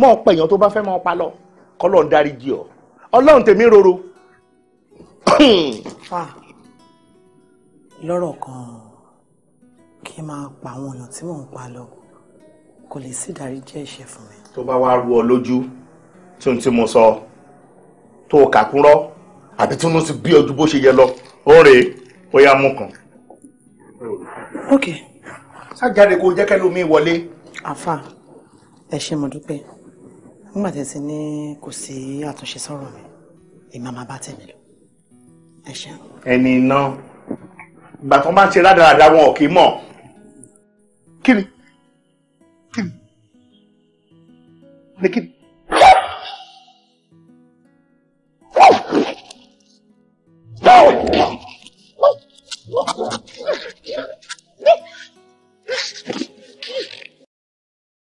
mọ́ ọ pa èèyàn tó bá fẹ́ mọ́ ọ pa lọ kọ́lọ́ ń dáríjì ọ ọlọ́run tèmi roro. fa lọ́rọ̀ kan kí n máa pa àwọn èèyàn tí mò ń pa lọ kò lè sí ìdáríjì ẹ̀ṣẹ̀ fún mi. tó bá wá ru ọ lójú tí ohun tí mo sọ tó o kà kúrọ́ àbí tí wọ́n ti bí ojú bó ṣe yẹ lọ ó rèé ó yá mú kan. ok. sájáde kó jẹ́ kẹ́lómi wọlé. àfa ẹ ṣé mo dúpẹ́ nígbà tí ti ní kò sí àtúnṣe sọ̀rọ̀ mi ìmọ̀ máa bá tèmi lọ ẹ ṣe. ẹni iná ìgbà tó máa ń ṣe rádaràda wọn ò kì í mọ̀ kí ni kí ni ni kí ni. Báwo